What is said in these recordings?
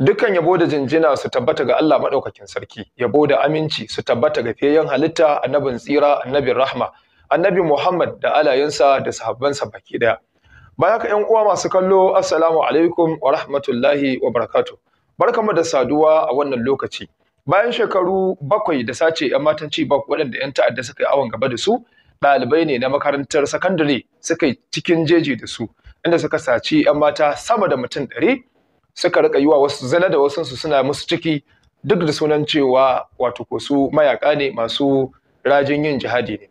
Dukan yabo da jinjina su tabbata ga Allah maɗaukakin sarki, yabo da aminci su tabbata ga fiyayyen halitta annabin tsira annabin rahma, annabi Muhammad da alayensa da sahabbansa baki ɗaya. Baya ka ‘yan uwa masu kallo, Assalamu alaikum wa rahmatullahi wa barakatu. Barkamu da saduwa a wannan lokaci. Bayan shekaru bakwai da sace ‘yan matan bak waɗanda ‘yan ta'adda suka yi awon gaba da su, ɗalibai ne na makarantar sakandare suka yi cikin jeji da su, inda suka saci ‘yan mata sama da mutum ɗari suka rika yi wa wasu zana da wasu su suna musu ciki duk da sunan cewa wato ko su mayaka ne masu rajin yin jihadi ne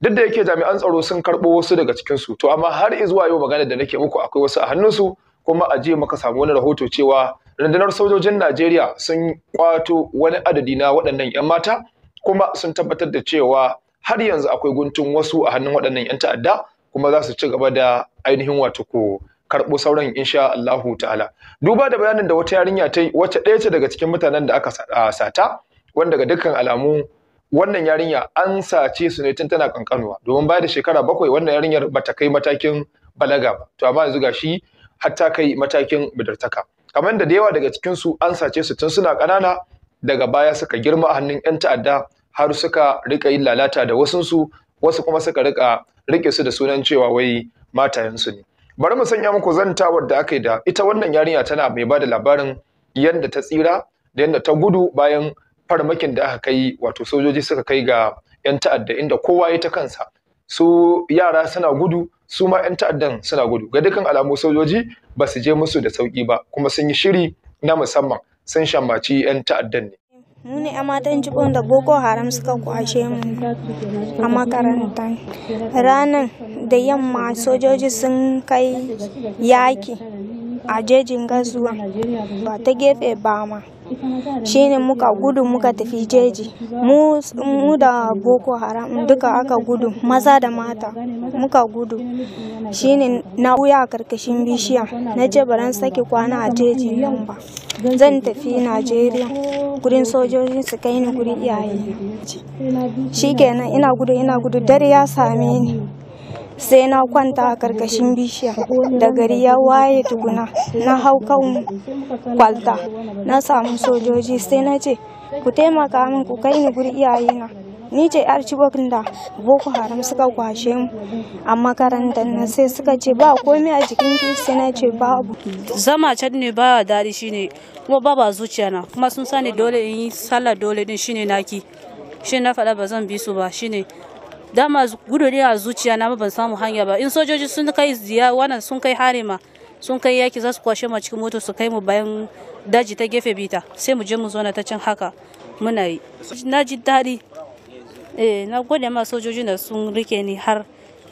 duk da yake jami'an tsaro sun karɓo wasu daga cikin su to amma har zuwa yau magana da nake muku akwai wasu a hannunsu kuma a jiya muka samu wani rahoto cewa rundunar sojojin Najeriya sun kwato wani adadi na waɗannan 'yan mata kuma sun tabbatar da cewa har yanzu akwai guntun wasu a hannun waɗannan 'yan ta'adda kuma za su ci gaba da ainihin wato ko karɓo sauran insha Allahu ta'ala duba da bayanin da wata yarinya ta wacce ɗaya ce daga cikin mutanen da aka sata wanda ga dukkan alamu wannan yarinya an sace su ne tun tana kankanuwa domin baya da shekara bakwai wannan yarinyar bata kai matakin balaga ba to amma yanzu gashi har ta kai matakin bidartaka kamar da yawa daga cikin su an sace su tun suna ƙanana daga baya suka girma a hannun 'yan ta'adda har suka rika yin lalata da wasunsu wasu kuma suka rika rike su da sunan cewa wai matayensu ne bari mu sanya muku zantawar da aka yi da ita wannan yarinya tana mai bada labarin yadda ta tsira da yadda ta gudu bayan farmakin da aka kai wato sojoji suka kai ga 'yan ta'adda inda kowa ya ta kansa su yara suna gudu su ma 'yan ta'addan suna gudu ga dukkan alamu sojoji ba su je musu da sauki ba kuma sun yi shiri na musamman sun shammaci 'yan ta'addan ne mu ne a matan jibon da boko haram suka kwashe mu a makaranta ranar da yamma sojoji sun kai yaki a jejin gazuwa ba ta gefe ba ma shine muka gudu muka tafi jeji mu da boko haram duka aka gudu maza da mata muka gudu shine na wuya a karkashin bishiya na ce baran sake kwana a jeji yau ba zan tafi najeriya gurin sojoji su kai ni gurin iyaye shikenan ina gudu ina gudu dare ya same ni sai na kwanta a karkashin bishiya da gari ya waye tukuna na hau kan kwalta na samu sojoji sai na ce ku taimaka min ku kai ni guri iyayena ni ce yar cibokin da boko haram suka kwashe mu a makarantar na sai suka ce ba komai a jikin ki sai na ce babu zama can ne ba dadi shine kuma ba ba zuciya na kuma sun sani dole in yi sallah dole din shine naki shi na faɗa ba zan bi su ba shine dama gudu a zuciya na ban samu hanya ba in sojoji sun kai ziya wannan sun kai ma sun kai yaki za su kwashe mu cikin mota su kai mu bayan daji ta gefe bita sai mu je mu zauna ta can haka muna yi na ji daɗi eh na gode ma sojoji da sun rike ni har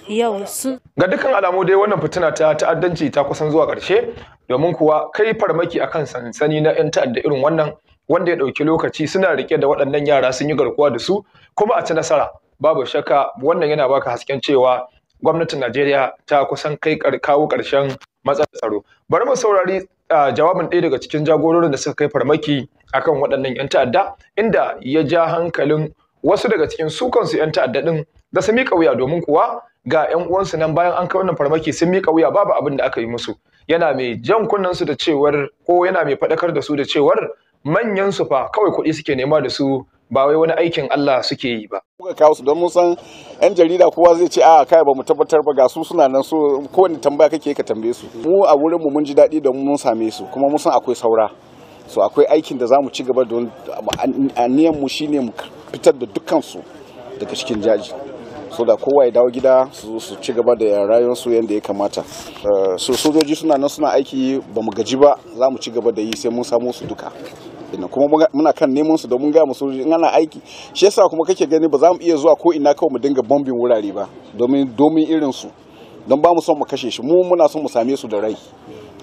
yau su ga dukkan alamu dai wannan fitina ta ta'addanci ta kusan zuwa ƙarshe domin kuwa kai farmaki akan sansani na 'yan ta'adda irin wannan wanda ya ɗauki lokaci suna rike da waɗannan yara sun yi garkuwa da su kuma a ci nasara babu shaka wannan yana baka hasken cewa gwamnatin Najeriya ta kusan kai kawo ƙarshen matsalar tsaro bari mu saurari jawabin ɗaya daga cikin jagororin da suka kai farmaki akan waɗannan 'yan ta'adda inda ya ja hankalin wasu daga cikin su kansu 'yan ta'adda ɗin da su miƙa wuya domin kuwa ga 'yan uwansu nan bayan an kai wannan farmaki sun miƙa wuya babu abin da aka yi musu yana mai jan kunnensu su da cewar ko yana mai faɗakar da su da cewar manyan su fa kawai kuɗi suke nema da su ba wai wani aikin Allah suke yi ba. Kuka kawo su don mun san 'yan jarida kowa zai ce a kai ba mu tabbatar ba ga su suna nan so wani tambaya kake ka tambaye su. Mu a wurin mu mun ji daɗi don mun same su kuma mun san akwai saura. So akwai aikin da za mu ci gaba don aniyan mu shine mu fitar da dukkan su daga cikin jaji. so da kowa ya dawo gida su ci gaba da rayuwarsu yadda ya kamata eh, so sojoji suna nan suna aiki ba mu gaji ba za mu ci gaba da yi sai mun samu su duka ina kuma muna kan neman su domin gaya musu in ana aiki shi yasa kuma kake gani ba za mu iya zuwa ko ina kawai mu dinga bombin wurare ba domin domin irin su don ba mu son mu kashe shi mu muna son mu same su da rai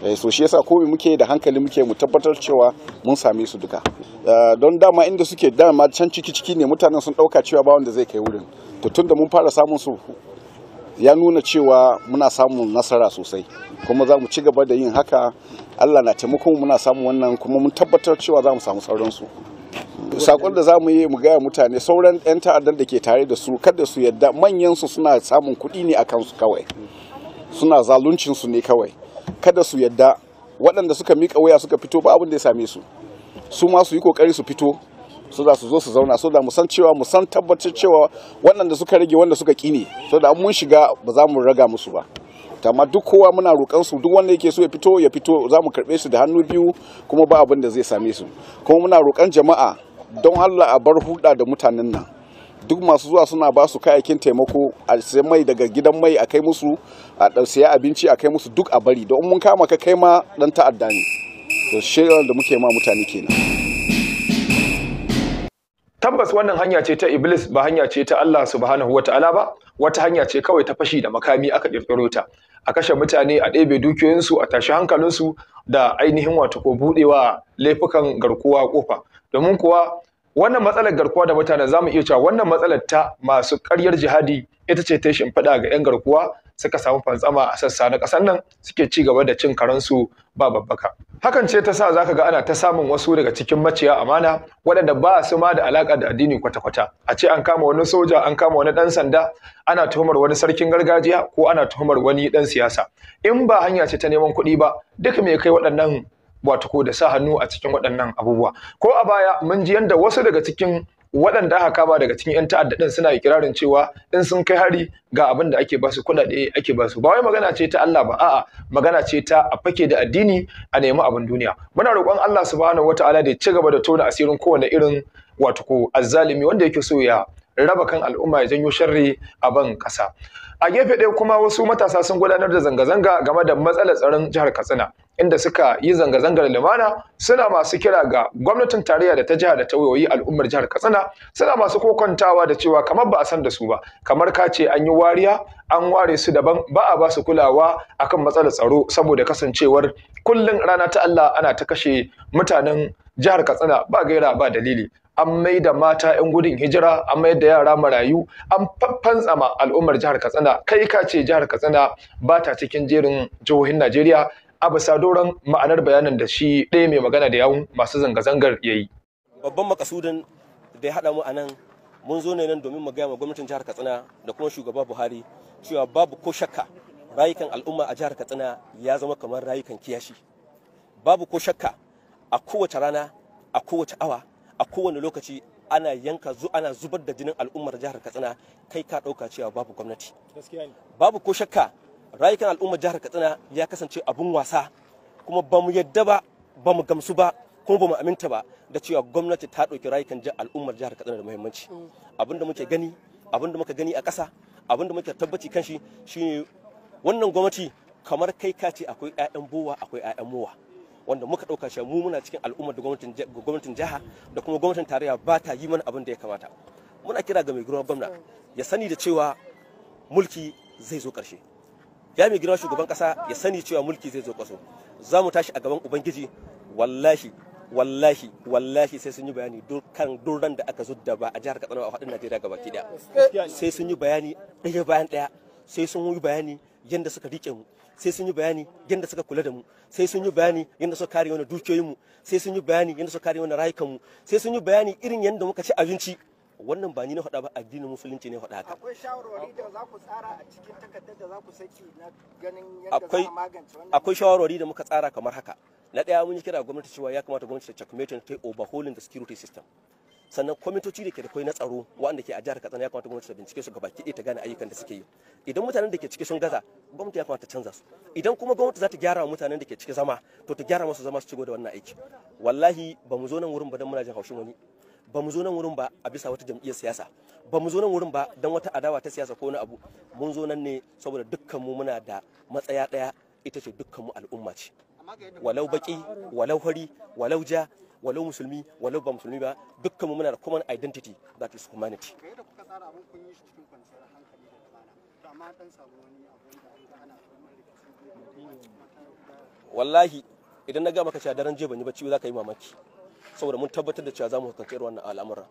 eh, so shi yasa komai muke da hankali muke mu tabbatar cewa mun same su duka eh, don dama inda suke dama can ciki ciki ne mutanen sun dauka cewa ba wanda zai kai wurin to tunda mun fara samun su ya nuna cewa muna samun nasara sosai kuma za mu ci gaba da yin haka allah na taimakon muna samun wannan kuma mun tabbatar cewa za mu samu sauransu sakon da za mu yi mu gaya mutane sauran 'yan ta'addan da ke tare da su kada su yadda manyansu suna samun kuɗi ne a kansu kawai suna zaluncinsu ne kawai kada su yadda waɗanda suka mika waya suka fito ba abin da ya same su su ma su yi ƙoƙari su fito su za su zo su zauna so da mu san cewa mu san tabbatar cewa waɗanda suka rage wanda suka kine so da mun shiga ba za mu raga musu ba amma duk kowa muna roƙon su duk wanda yake so ya fito ya fito za mu karɓe su da hannu biyu kuma ba abin da zai same su kuma muna roƙan jama'a don Allah a bar huda da mutanen nan duk masu zuwa suna ba su kayayyakin taimako a sai mai daga gidan mai a kai musu a siya abinci a kai musu duk a bari don mun kama ka kai ma dan ta'adda ne to shirin da muke ma mutane kenan tabbas wannan hanya ce ta iblis ba hanya ce ta Allah subhanahu Ta'ala ba wata hanya ce kawai ta fashi da makami aka kirkiro ta a kashe mutane a ɗebe dukiyoyinsu a tashi hankalinsu da ainihin wato ko buɗewa laifukan garkuwa kofa domin kuwa wannan matsalar garkuwa da mutane zamu iya cewa wannan matsalar ta masu ƙaryar jihadi ita ce ta shimfiɗa ga 'yan garkuwa suka samu fantsama a sassa na ƙasar nan suke ci gaba da cin karansu ba babbaka hakan ce ta sa zaka ga ana ta samun wasu daga cikin maciya amana waɗanda ba su ma da alaƙa da addini kwata-kwata a ce an kama wani soja an kama wani ɗan sanda ana tuhumar wani sarkin gargajiya ko ana tuhumar wani ɗan siyasa in ba hanya ce ta neman kuɗi ba duk me kai waɗannan wato ko da sa hannu a cikin waɗannan abubuwa ko a baya mun ji yanda wasu daga cikin waɗanda aka kama daga cikin 'yan ta'adda ɗin suna ikirarin cewa in sun kai hari ga abin da ake basu kuɗaɗe ake basu ba wai magana ce ta Allah ba a'a magana ce ta a fake da addini a nemi abin duniya muna roƙon Allah subhanahu wataala da ya ci gaba da tona asirin kowane irin wato ko azzalimi wanda yake so ya raba kan al'umma ya janyo sharri a ban ƙasa a gefe ɗaya kuma wasu matasa sun gudanar da zanga-zanga game da matsalar tsaron jihar Katsina inda suka yi zanga-zangar limana suna masu kira ga gwamnatin tarayya da ta jiha da ta wayoyi al'ummar jihar katsina suna masu kokontawa da cewa kamar ba a san da su ba kamar ka ce an yi wariya an ware su daban ba a ba su kulawa akan matsalar tsaro saboda kasancewar kullum rana ta Allah ana ta kashe mutanen jihar katsina ba gaira ba dalili an mai da mata 'yan gudun hijira an mayar da yara marayu an fantsama al'ummar jihar katsina kai ka ce jihar katsina ba ta cikin jerin jihohin najeriya a bisa doron ma'anar bayanin da shi ɗaya mai magana da yawun masu zanga-zangar ya yi. Babban makasudin da ya haɗa mu a nan mun zo ne nan domin mu gaya ma gwamnatin jihar Katsina da kuma shugaba Buhari cewa babu ko shakka rayukan al'umma a jihar Katsina ya zama kamar rayukan kiyashi. Babu ko shakka a kowace rana, a kowace awa, a kowane lokaci ana yanka zu ana zubar da jinin al'ummar jihar Katsina kai ka ɗauka cewa babu gwamnati. Babu ko shakka rayukan al'ummar jihar katsina ya kasance abun wasa kuma ba mu yadda ba ba mu gamsu ba kuma ba mu aminta ba da cewa gwamnati ta ɗauki rayukan al'ummar jihar katsina da muhimmanci abin da muke gani abin da muka gani a ƙasa abin da muke tabbaci kanshi shi shine wannan gwamnati kamar kai ka ce akwai 'ya'yan bowa akwai 'ya'yan mowa wanda muka ɗauka shi mu muna cikin al'ummar da gwamnatin jiha da kuma gwamnatin tarayya ba ta yi mana abin da ya kamata muna kira ga mai gwamna ya sani da cewa mulki zai zo ƙarshe ya mai girma shugaban kasa ya sani cewa mulki zai zo kwaso za mu tashi a gaban ubangiji wallahi wallahi wallahi sai sun yi bayani kan duran da aka zudda ba a jihar katsina a faɗin najeriya gaba daya sai sun yi bayani ɗaya bayan ɗaya sai sun yi bayani yadda suka riƙe mu sai sun yi bayani yadda suka kula da mu sai sun yi bayani yadda suka kare wani dukiyoyinmu sai sun yi bayani yadda suka kare wani rayukanmu sai sun yi bayani irin yadda muka ci abinci wannan ba ni na faɗa ba addinin musulunci ne faɗa haka akwai shawarwari da za ku tsara a cikin takardar da za ku saki na ganin yadda za ku magance wannan akwai shawarwari da muka tsara kamar haka na ɗaya mun yi kira gwamnati cewa ya kamata gwamnati ta checkmate ta overhauling the security system sannan kwamitoci da ke da kai na tsaro waɗanda ke a jihar katsina ya kamata gwamnati ta bincike su gaba ɗaya ta gane ayyukan da suke yi idan mutanen da ke ciki sun gaza gwamnati ya kamata ta canza su idan kuma gwamnati za ta gyara wa mutanen da ke ciki zama to ta gyara masu zama su cigo da wannan aiki wallahi ba mu zo nan wurin ba don muna jin haushin wani ba mu zo nan wurin ba a bisa wata jam'iyyar siyasa ba mu zo nan wurin ba don wata adawa ta siyasa ko wani abu mun zo nan ne saboda dukkan mu muna da matsaya ɗaya ita ce dukkan mu al'umma ce walau baki walau hari walau ja walau musulmi walau ba musulmi ba dukkan mu muna da common identity that is humanity wallahi idan na ga maka cewa daren jiya ban yi bacci za ka yi mamaki saboda mun tabbatar da cewa za mu hukunta irin wannan al'amuran.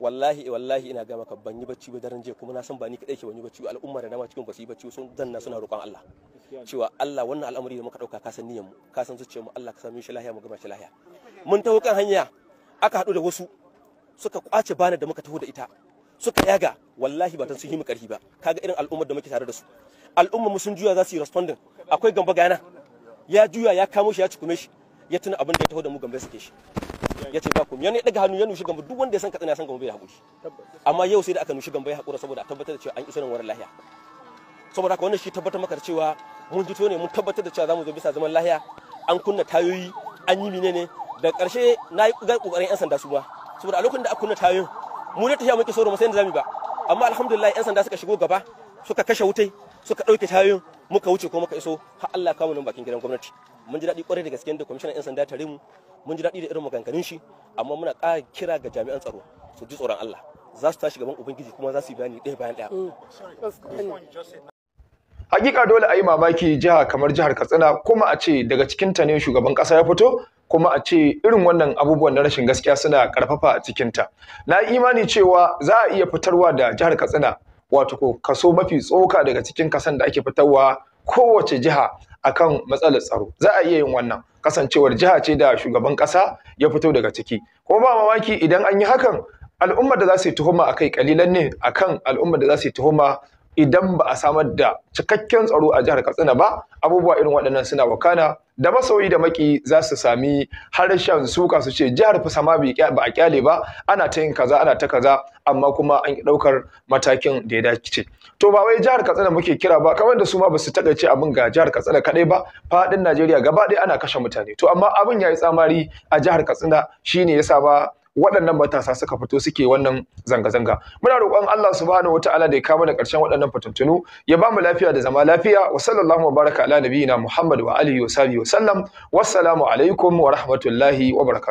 wallahi wallahi ina ga maka ban yi bacci ba daren jiya kuma na san ba ni kadai ke ban yi bacci al'umma da dama cikin basu yi bacci sun danna suna roƙon Allah cewa Allah wannan al'amari da muka dauka ka san niyyar mu ka san zuciyar mu Allah ka sami shi lahiya mu gama shi lahiya mun taho kan hanya aka haɗu da wasu suka kwace bana da muka taho da ita suka yaga wallahi ba ta sun yi mu karfi ba kaga irin al'ummar da muke tare da su al'ummar mu sun juya za su yi responding akwai gamba gana ya juya ya kamo shi ya cikume shi ya tuna abin da ya taho da mu gambe suke shi ya ce ba komai ya daga hannu ya nushi gambe duk wanda ya san katsina ya san gambe ya haƙuri amma yau sai da aka nushi gambe ya haƙura saboda a tabbatar da cewa an isa nan wurin lahiya saboda haka wannan shi tabbatar maka da cewa mun fito ne mun tabbatar da cewa zamu zo bisa zaman lahiya an kunna tayoyi an yi menene da ƙarshe na yi ƙoƙarin 'yan sanda su ma saboda a lokacin da aka kunna tayoyin mu ne tafiya muke so mu sai da zamu ba amma alhamdulillah 'yan sanda suka shigo gaba suka kashe wutai suka ɗauke tayoyin muka wuce ko muka iso har Allah kawo nan bakin gidan gwamnati mun ji daɗi kwarai da gaske da kwamishinan 'yan sanda tare mu mun ji daɗi da irin maganganun shi amma muna ƙara kira ga jami'an tsaro su ji tsoron Allah za su tashi gaban ubangiji kuma za su yi bayani ɗaya bayan ɗaya. Mm. Hakika dole a yi mamaki jiha kamar jihar Katsina kuma a ce daga cikinta ne shugaban ƙasa ya fito kuma a ce irin wannan abubuwan na rashin gaskiya suna karfafa a cikinta. Na imani cewa za a iya fitarwa da jihar Katsina wato kaso mafi tsoka daga cikin kasan da ake fitarwa kowace jiha akan matsalar tsaro za a iya yin wannan kasancewar jiha ce da shugaban ƙasa ya fito daga ciki ko ba mamaki idan an yi hakan al'ummar da za su yi tuhuma akai kalilan ne akan al'ummar da za su yi tuhuma idan ba a samar da cikakken tsaro a jihar Katsina ba abubuwa irin waɗannan suna wakana da masoyi da maki za su sami harshen suka su ce jihar fa ma ba a kyale ba ana ta yin kaza ana ta kaza amma kuma an ɗaukar matakin da ya dace to ba wai jihar Katsina muke kira ba kamar da su ma ba su ce abin ga jihar Katsina kaɗai ba faɗin Najeriya gaba ɗaya ana kashe mutane to amma abin ya yi tsamari a jihar Katsina shine yasa ba waɗannan matasa suka fito suke wannan zanga-zanga muna roƙon Allah subhanahu wataala da ya kama da ƙarshen waɗannan fatantunu. ya ba mu lafiya da zama lafiya wa sallallahu baraka ala nabiyina Muhammad wa alihi wa sahbihi wa sallam wassalamu alaikum wa rahmatullahi wa barakatuh